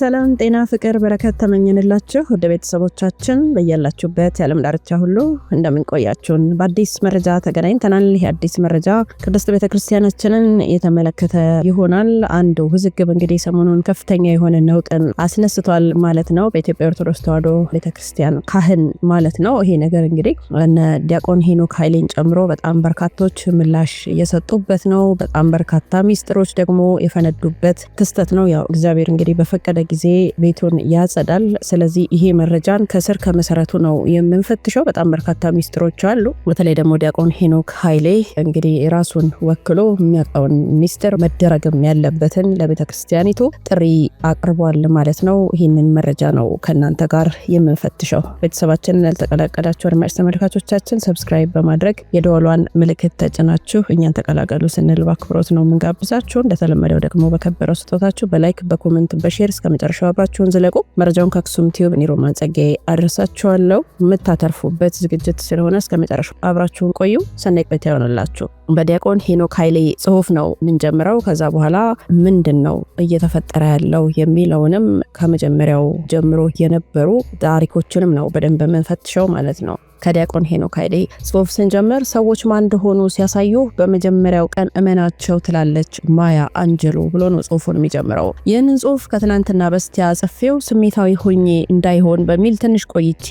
ሰላም ጤና ፍቅር በረከት ተመኘንላችሁ ወደ ቤተሰቦቻችን በያላችሁበት የዓለም ዳርቻ ሁሉ እንደምንቆያችሁን በአዲስ መረጃ ተገናኝተናል። ይህ አዲስ መረጃ ቅድስት ቤተክርስቲያናችንን የተመለከተ ይሆናል። አንዱ ውዝግብ እንግዲህ ሰሞኑን ከፍተኛ የሆነ ነውጥን አስነስቷል ማለት ነው። በኢትዮጵያ ኦርቶዶክስ ተዋሕዶ ቤተክርስቲያን ካህን ማለት ነው። ይሄ ነገር እንግዲህ እነ ዲያቆን ሄኖክ ኃይሌን ጨምሮ በጣም በርካቶች ምላሽ እየሰጡበት ነው። በጣም በርካታ ሚስጥሮች ደግሞ የፈነዱበት ክስተት ነው። ያው እግዚአብሔር እንግዲህ በፈቀደ ጊዜ ቤቱን ያጸዳል። ስለዚህ ይሄ መረጃን ከስር ከመሰረቱ ነው የምንፈትሸው። በጣም በርካታ ሚስጥሮች አሉ። በተለይ ደግሞ ዲያቆን ሄኖክ ኃይሌ እንግዲህ ራሱን ወክሎ የሚያውቀውን ሚስጥር መደረግም ያለበትን ለቤተ ክርስቲያኒቱ ጥሪ አቅርቧል ማለት ነው። ይህንን መረጃ ነው ከእናንተ ጋር የምንፈትሸው። ቤተሰባችንን ያልተቀላቀላችሁ አድማጭ ተመልካቾቻችን ሰብስክራይብ በማድረግ የደወሏን ምልክት ተጭናችሁ እኛን ተቀላቀሉ ስንል በአክብሮት ነው የምንጋብዛችሁ። እንደተለመደው ደግሞ በከበረው ስጦታችሁ በላይክ በኮመንት በሼር እስከ መጨረሻው አብራችሁን ዝለቁ። መረጃውን ከአክሱም ቲዩብ እኔ ሮማን ጸጋዬ የምታተርፉበት ዝግጅት ስለሆነ እስከ መጨረሻው አብራችሁን ቆዩ። ሰናይ ቆይታ ይሆንላችሁ። በዲያቆን ሄኖክ ኃይሌ ጽሁፍ ነው የምንጀምረው። ከዛ በኋላ ምንድን ነው እየተፈጠረ ያለው የሚለውንም ከመጀመሪያው ጀምሮ የነበሩ ታሪኮችንም ነው በደንብ የምንፈትሸው ማለት ነው። ከዲያቆን ሄኖክ ኃይሌ ጽሁፍ ስንጀምር ሰዎች ማን እንደሆኑ ሲያሳዩ በመጀመሪያው ቀን እመናቸው ትላለች ማያ አንጀሎ ብሎ ነው ጽሁፉን የሚጀምረው። ይህንን ጽሁፍ ከትናንትና በስቲያ ጽፌው ስሜታዊ ሆኜ እንዳይሆን በሚል ትንሽ ቆይቼ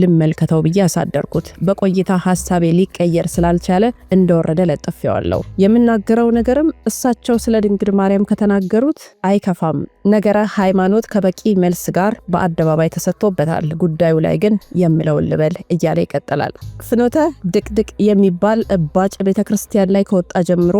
ልመልከተው ብዬ አሳደርኩት። በቆይታ ሀሳቤ ሊቀየር ስላልቻለ እንደወረደ ለጥፌዋለሁ። የምናገረው ነገርም እሳቸው ስለ ድንግል ማርያም ከተናገሩት አይከፋም። ነገረ ሃይማኖት ከበቂ መልስ ጋር በአደባባይ ተሰጥቶበታል። ጉዳዩ ላይ ግን የምለውን ልበል እያለ ይቀጥላል። ፍኖተ ድቅድቅ የሚባል እባጭ ቤተ ክርስቲያን ላይ ከወጣ ጀምሮ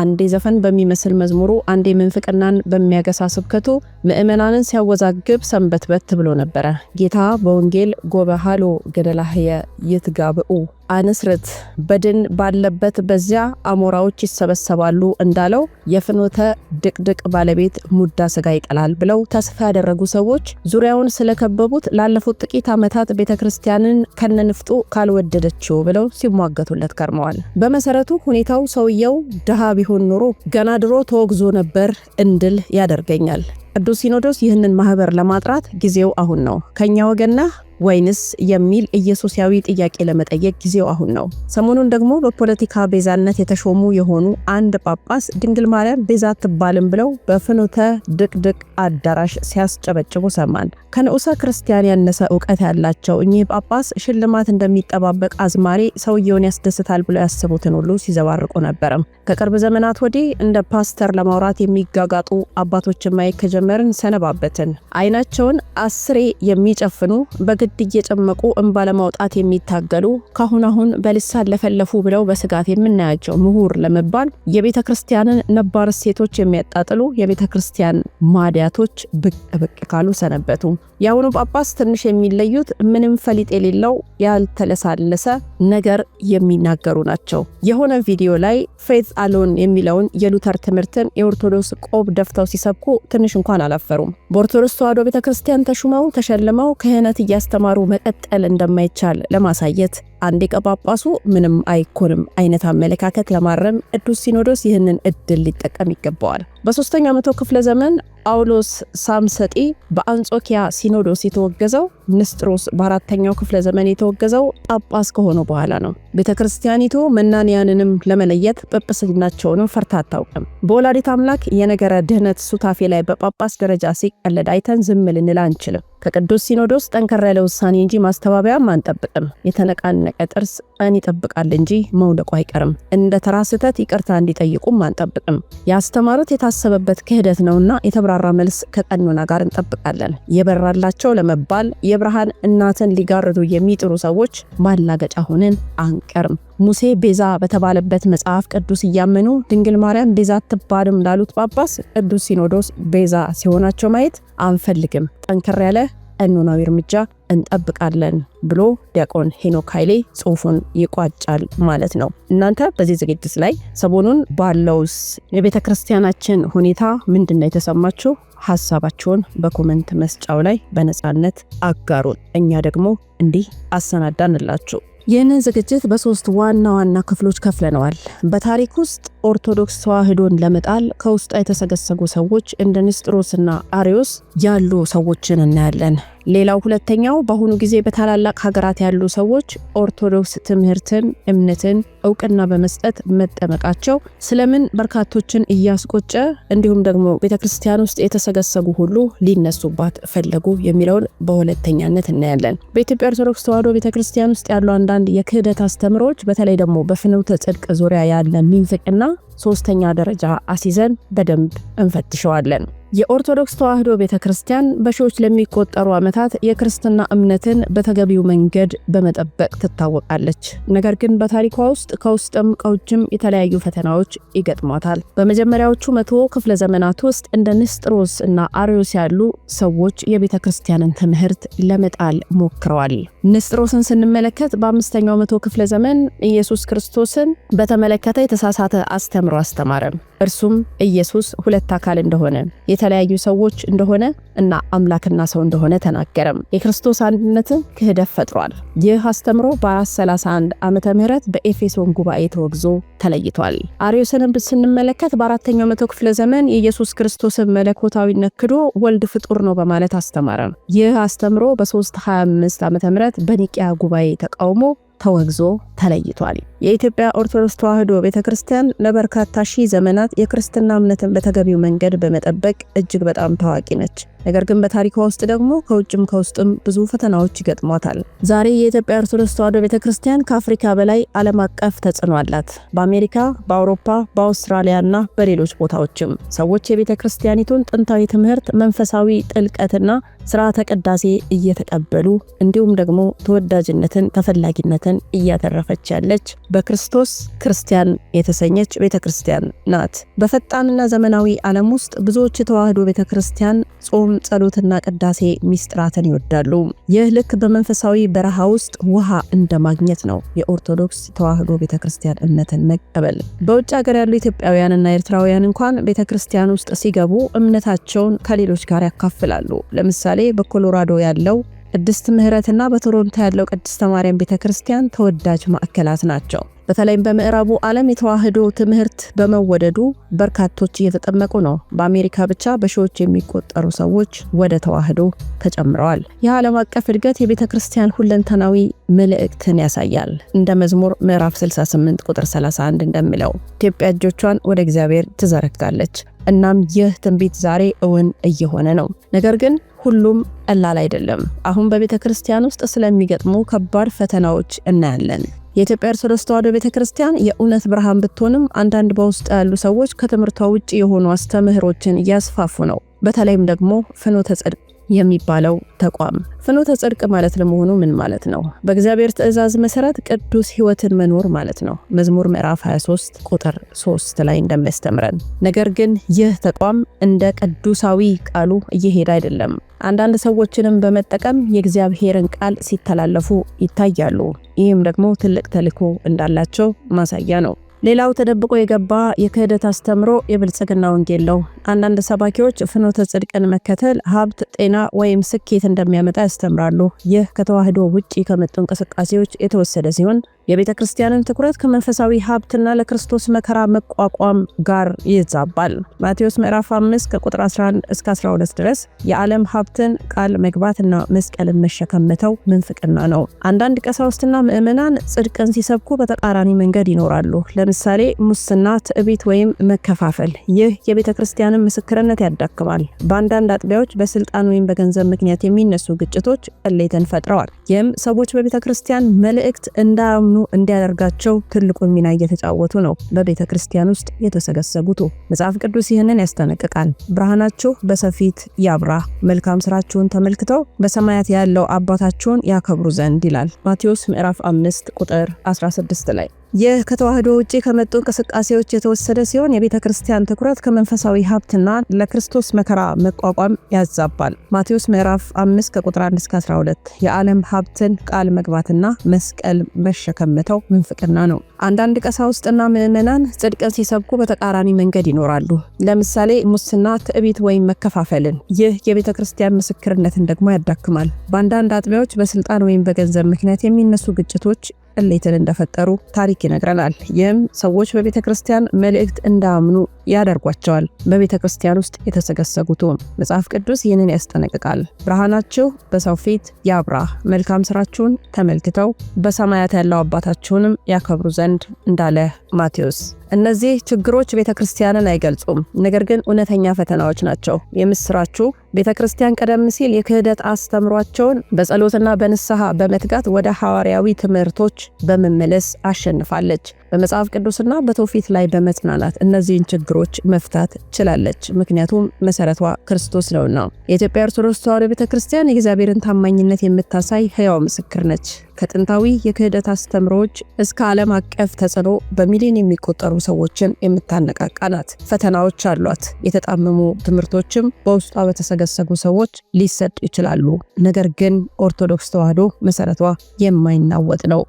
አንዴ ዘፈን በሚመስል መዝሙሩ፣ አንዴ ምንፍቅናን በሚያገሳ ስብከቱ ምእመናንን ሲያወዛግብ ሰንበትበት ብሎ ነበረ። ጌታ በወንጌል ጎበሃሎ ገደላህየ ይትጋብኡ አንስርት በድን ባለበት በዚያ አሞራዎች ይሰበሰባሉ እንዳለው የፍኖተ ድቅድቅ ባለቤት ሙዳ ስጋ ይጠላል ብለው ተስፋ ያደረጉ ሰዎች ዙሪያውን ስለከበቡት ላለፉት ጥቂት ዓመታት ቤተ ክርስቲያንን ከነንፍጡ ካልወደደችው ብለው ሲሟገቱለት ከርመዋል። በመሰረቱ ሁኔታው ሰውየው ድሃ ቢሆን ኖሮ ገና ድሮ ተወግዞ ነበር እንድል ያደርገኛል። ቅዱስ ሲኖዶስ ይህንን ማህበር ለማጥራት ጊዜው አሁን ነው። ከእኛ ወገና ወይንስ የሚል ኢየሱሳዊ ጥያቄ ለመጠየቅ ጊዜው አሁን ነው። ሰሞኑን ደግሞ በፖለቲካ ቤዛነት የተሾሙ የሆኑ አንድ ጳጳስ ድንግል ማርያም ቤዛ አትባልም ብለው በፍኖተ ድቅድቅ አዳራሽ ሲያስጨበጭቡ ሰማን። ከንዑሰ ክርስቲያን ያነሰ እውቀት ያላቸው እኚህ ጳጳስ ሽልማት እንደሚጠባበቅ አዝማሪ ሰውየውን ያስደስታል ብለው ያስቡትን ሁሉ ሲዘባርቁ ነበረም። ከቅርብ ዘመናት ወዲህ እንደ ፓስተር ለማውራት የሚጋጋጡ አባቶችን ማየት ከጀመርን ሰነባበትን። አይናቸውን አስሬ የሚጨፍኑ በግድ በትውልድ እየጨመቁ እንባ ለማውጣት የሚታገሉ ካሁን አሁን በልሳን ለፈለፉ ብለው በስጋት የምናያቸው ምሁር ለመባል የቤተ ክርስቲያንን ነባር እሴቶች የሚያጣጥሉ የቤተ ክርስቲያን ማዲያቶች ብቅ ብቅ ካሉ ሰነበቱ። የአሁኑ ጳጳስ ትንሽ የሚለዩት ምንም ፈሊጥ የሌለው ያልተለሳለሰ ነገር የሚናገሩ ናቸው። የሆነ ቪዲዮ ላይ ፌት አሎን የሚለውን የሉተር ትምህርትን የኦርቶዶክስ ቆብ ደፍተው ሲሰብኩ ትንሽ እንኳን አላፈሩም። በኦርቶዶክስ ተዋሕዶ ቤተ ክርስቲያን ተሹመው ተሸልመው ክህነት እያስተ ማስተማሩ መቀጠል እንደማይቻል ለማሳየት አንዴ ከጳጳሱ ምንም አይኮንም አይነት አመለካከት ለማረም ቅዱስ ሲኖዶስ ይህንን እድል ሊጠቀም ይገባዋል። በሶስተኛ መቶ ክፍለ ዘመን ጳውሎስ ሳምሰጢ በአንጾኪያ ሲኖዶስ የተወገዘው ንስጥሮስ በአራተኛው ክፍለ ዘመን የተወገዘው ጳጳስ ከሆኑ በኋላ ነው። ቤተ ክርስቲያኒቱ መናንያንንም ለመለየት ጵጵስናቸውንም ፈርታ አታውቅም። በወላዲት አምላክ የነገረ ድህነት ሱታፌ ላይ በጳጳስ ደረጃ ሲቀለድ አይተን ዝም ልንል አንችልም። ከቅዱስ ሲኖዶስ ጠንከራ ያለ ውሳኔ እንጂ ማስተባበያም አንጠብቅም። የተነቃነ የመሳቂያ ጥርስ ቀን ይጠብቃል እንጂ መውደቁ አይቀርም። እንደ ተራ ስህተት ይቅርታ እንዲጠይቁም አንጠብቅም። ያስተማሩት የታሰበበት ክህደት ነውና የተብራራ መልስ ከቀኖና ጋር እንጠብቃለን። የበራላቸው ለመባል የብርሃን እናትን ሊጋርዱ የሚጥሩ ሰዎች ማላገጫ ሆነን አንቀርም። ሙሴ ቤዛ በተባለበት መጽሐፍ ቅዱስ እያመኑ ድንግል ማርያም ቤዛ አትባልም ላሉት ጳጳስ ቅዱስ ሲኖዶስ ቤዛ ሲሆናቸው ማየት አንፈልግም። ጠንከር ያለ ቀኖናዊ እርምጃ እንጠብቃለን ብሎ ዲያቆን ሄኖክ ኃይሌ ጽሁፉን ይቋጫል ማለት ነው። እናንተ በዚህ ዝግጅት ላይ ሰሞኑን ባለውስ የቤተ ክርስቲያናችን ሁኔታ ምንድን ነው የተሰማችሁ? ሀሳባችሁን በኮመንት መስጫው ላይ በነፃነት አጋሩን። እኛ ደግሞ እንዲህ አሰናዳንላችሁ። ይህንን ዝግጅት በሶስት ዋና ዋና ክፍሎች ከፍለነዋል። በታሪክ ውስጥ ኦርቶዶክስ ተዋህዶን ለመጣል ከውስጧ የተሰገሰጉ ሰዎች እንደ ንስጥሮስና አሪዮስ ያሉ ሰዎችን እናያለን። ሌላው ሁለተኛው በአሁኑ ጊዜ በታላላቅ ሀገራት ያሉ ሰዎች ኦርቶዶክስ ትምህርትን፣ እምነትን እውቅና በመስጠት መጠመቃቸው ስለምን በርካቶችን እያስቆጨ እንዲሁም ደግሞ ቤተ ክርስቲያን ውስጥ የተሰገሰጉ ሁሉ ሊነሱባት ፈለጉ የሚለውን በሁለተኛነት እናያለን። በኢትዮጵያ ኦርቶዶክስ ተዋዶ ቤተ ክርስቲያን ውስጥ ያሉ አንዳንድ የክህደት አስተምሮች በተለይ ደግሞ በፍኖተ ጽድቅ ዙሪያ ያለ ሚንፍቅና ሶስተኛ ደረጃ አሲዘን በደንብ እንፈትሸዋለን። የኦርቶዶክስ ተዋሕዶ ቤተ ክርስቲያን በሺዎች ለሚቆጠሩ ዓመታት የክርስትና እምነትን በተገቢው መንገድ በመጠበቅ ትታወቃለች። ነገር ግን በታሪኳ ውስጥ ከውስጥም ከውጭም የተለያዩ ፈተናዎች ይገጥሟታል። በመጀመሪያዎቹ መቶ ክፍለ ዘመናት ውስጥ እንደ ንስጥሮስ እና አሪዮስ ያሉ ሰዎች የቤተ ክርስቲያንን ትምህርት ለመጣል ሞክረዋል። ንስጥሮስን ስንመለከት በአምስተኛው መቶ ክፍለ ዘመን ኢየሱስ ክርስቶስን በተመለከተ የተሳሳተ አስተ አስተምሮ አስተማረ። እርሱም ኢየሱስ ሁለት አካል እንደሆነ የተለያዩ ሰዎች እንደሆነ እና አምላክና ሰው እንደሆነ ተናገረም። የክርስቶስ አንድነት ክህደት ፈጥሯል። ይህ አስተምሮ በ431 ዓመተ ምህረት በኤፌሶን ጉባኤ ተወግዞ ተለይቷል። አርዮስንም ስንመለከት በአራተኛው መቶ ክፍለ ዘመን የኢየሱስ ክርስቶስን መለኮታዊነት ክዶ ወልድ ፍጡር ነው በማለት አስተማረ። ይህ አስተምሮ በ325 ዓመተ ምህረት በኒቅያ ጉባኤ ተቃውሞ ተወግዞ ተለይቷል። የኢትዮጵያ ኦርቶዶክስ ተዋሕዶ ቤተ ክርስቲያን ለበርካታ ሺህ ዘመናት የክርስትና እምነትን በተገቢው መንገድ በመጠበቅ እጅግ በጣም ታዋቂ ነች። ነገር ግን በታሪኳ ውስጥ ደግሞ ከውጭም ከውስጥም ብዙ ፈተናዎች ይገጥሟታል። ዛሬ የኢትዮጵያ ኦርቶዶክስ ተዋሕዶ ቤተ ክርስቲያን ከአፍሪካ በላይ ዓለም አቀፍ ተጽዕኖ አላት። በአሜሪካ፣ በአውሮፓ፣ በአውስትራሊያና በሌሎች ቦታዎችም ሰዎች የቤተ ክርስቲያኒቱን ጥንታዊ ትምህርት፣ መንፈሳዊ ጥልቀትና ስርዓተ ቅዳሴ እየተቀበሉ እንዲሁም ደግሞ ተወዳጅነትን፣ ተፈላጊነትን እያተረፈች ያለች በክርስቶስ ክርስቲያን የተሰኘች ቤተ ክርስቲያን ናት። በፈጣንና ዘመናዊ ዓለም ውስጥ ብዙዎች የተዋህዶ ቤተ ክርስቲያን ጾም፣ ጸሎትና ቅዳሴ ሚስጥራትን ይወዳሉ። ይህ ልክ በመንፈሳዊ በረሃ ውስጥ ውሃ እንደማግኘት ነው። የኦርቶዶክስ ተዋህዶ ቤተ ክርስቲያን እምነትን መቀበል በውጭ ሀገር ያሉ ኢትዮጵያውያንና ኤርትራውያን እንኳን ቤተ ክርስቲያን ውስጥ ሲገቡ እምነታቸውን ከሌሎች ጋር ያካፍላሉ። ለምሳሌ በኮሎራዶ ያለው ቅድስት ምህረትና በቶሮንቶ ያለው ቅድስተ ማርያም ቤተ ክርስቲያን ተወዳጅ ማዕከላት ናቸው። በተለይም በምዕራቡ ዓለም የተዋህዶ ትምህርት በመወደዱ በርካቶች እየተጠመቁ ነው። በአሜሪካ ብቻ በሺዎች የሚቆጠሩ ሰዎች ወደ ተዋህዶ ተጨምረዋል። ይህ ዓለም አቀፍ እድገት የቤተ ክርስቲያን ሁለንተናዊ መልእክትን ያሳያል። እንደ መዝሙር ምዕራፍ 68 ቁጥር 31 እንደሚለው ኢትዮጵያ እጆቿን ወደ እግዚአብሔር ትዘረጋለች እናም ይህ ትንቢት ዛሬ እውን እየሆነ ነው። ነገር ግን ሁሉም ቀላል አይደለም። አሁን በቤተ ክርስቲያን ውስጥ ስለሚገጥሙ ከባድ ፈተናዎች እናያለን። የኢትዮጵያ ኦርቶዶክስ ተዋሕዶ ቤተ ክርስቲያን የእውነት ብርሃን ብትሆንም አንዳንድ በውስጥ ያሉ ሰዎች ከትምህርቷ ውጭ የሆኑ አስተምህሮችን እያስፋፉ ነው። በተለይም ደግሞ ፍኖተ ጽድቅ የሚባለው ተቋም ፍኖተ ጽድቅ ማለት ለመሆኑ ምን ማለት ነው? በእግዚአብሔር ትእዛዝ መሰረት ቅዱስ ህይወትን መኖር ማለት ነው። መዝሙር ምዕራፍ 23 ቁጥር 3 ላይ እንደሚያስተምረን። ነገር ግን ይህ ተቋም እንደ ቅዱሳዊ ቃሉ እየሄደ አይደለም። አንዳንድ ሰዎችንም በመጠቀም የእግዚአብሔርን ቃል ሲተላለፉ ይታያሉ። ይህም ደግሞ ትልቅ ተልዕኮ እንዳላቸው ማሳያ ነው። ሌላው ተደብቆ የገባ የክህደት አስተምሮ የብልጽግና ወንጌል ነው። አንዳንድ ሰባኪዎች ፍኖተ ጽድቅን መከተል ሀብት፣ ጤና ወይም ስኬት እንደሚያመጣ ያስተምራሉ። ይህ ከተዋህዶ ውጪ ከመጡ እንቅስቃሴዎች የተወሰደ ሲሆን የቤተ ክርስቲያንን ትኩረት ከመንፈሳዊ ሀብትና ለክርስቶስ መከራ መቋቋም ጋር ይዛባል። ማቴዎስ ምዕራፍ 5 ከቁጥር 11 እስከ 12 ድረስ የዓለም ሀብትን ቃል መግባትና መስቀልን መሸከም መተው ምንፍቅና ነው። አንዳንድ ቀሳውስትና ምዕመናን ጽድቅን ሲሰብኩ በተቃራኒ መንገድ ይኖራሉ። ለምሳሌ ሙስና፣ ትዕቢት ወይም መከፋፈል። ይህ የቤተ ክርስቲያንን ምስክርነት ያዳክማል። በአንዳንድ አጥቢያዎች በስልጣን ወይም በገንዘብ ምክንያት የሚነሱ ግጭቶች ቅሌትን ፈጥረዋል። ይህም ሰዎች በቤተ ክርስቲያን መልእክት እንዳ እንዲያምኑ እንዲያደርጋቸው ትልቁን ሚና እየተጫወቱ ነው በቤተ ክርስቲያን ውስጥ የተሰገሰጉቱ። መጽሐፍ ቅዱስ ይህንን ያስጠነቅቃል። ብርሃናችሁ በሰፊት ያብራ፣ መልካም ስራችሁን ተመልክተው በሰማያት ያለው አባታችሁን ያከብሩ ዘንድ ይላል ማቴዎስ ምዕራፍ 5 ቁጥር 16 ላይ ይህ ከተዋህዶ ውጭ ከመጡ እንቅስቃሴዎች የተወሰደ ሲሆን የቤተ ክርስቲያን ትኩረት ከመንፈሳዊ ሀብትና ለክርስቶስ መከራ መቋቋም ያዛባል። ማቴዎስ ምዕራፍ 5 ከቁጥር 1 እስከ 12 የዓለም ሀብትን ቃል መግባትና መስቀል መሸከምተው ምንፍቅና ነው። አንዳንድ ቀሳውስትና ምዕመናን ጽድቅን ሲሰብኩ በተቃራኒ መንገድ ይኖራሉ። ለምሳሌ ሙስና፣ ትዕቢት ወይም መከፋፈልን። ይህ የቤተ ክርስቲያን ምስክርነትን ደግሞ ያዳክማል። በአንዳንድ አጥቢያዎች በስልጣን ወይም በገንዘብ ምክንያት የሚነሱ ግጭቶች ቅሌትን እንደፈጠሩ ታሪክ ይነግረናል። ይህም ሰዎች በቤተ ክርስቲያን መልእክት እንዳያምኑ ያደርጓቸዋል። በቤተ ክርስቲያን ውስጥ የተሰገሰጉትም መጽሐፍ ቅዱስ ይህንን ያስጠነቅቃል። ብርሃናችሁ በሰው ፊት ያብራ፣ መልካም ስራችሁን ተመልክተው በሰማያት ያለው አባታችሁንም ያከብሩ ዘንድ እንዳለ ማቴዎስ። እነዚህ ችግሮች ቤተ ክርስቲያንን አይገልጹም፣ ነገር ግን እውነተኛ ፈተናዎች ናቸው። የምስራቹ ቤተ ክርስቲያን ቀደም ሲል የክህደት አስተምሯቸውን በጸሎትና በንስሐ በመትጋት ወደ ሐዋርያዊ ትምህርቶች በመመለስ አሸንፋለች። በመጽሐፍ ቅዱስና በትውፊት ላይ በመጽናናት እነዚህን ችግሮች መፍታት ችላለች። ምክንያቱም መሰረቷ ክርስቶስ ነውና። የኢትዮጵያ ኦርቶዶክስ ተዋሕዶ ቤተ ክርስቲያን የእግዚአብሔርን ታማኝነት የምታሳይ ሕያው ምስክር ነች። ከጥንታዊ የክህደት አስተምሮዎች እስከ ዓለም አቀፍ ተጽዕኖ በሚሊዮን የሚቆጠሩ ሰዎችን የምታነቃቃ ናት። ፈተናዎች አሏት። የተጣመሙ ትምህርቶችም በውስጧ በተሰገሰጉ ሰዎች ሊሰጡ ይችላሉ። ነገር ግን ኦርቶዶክስ ተዋሕዶ መሰረቷ የማይናወጥ ነው።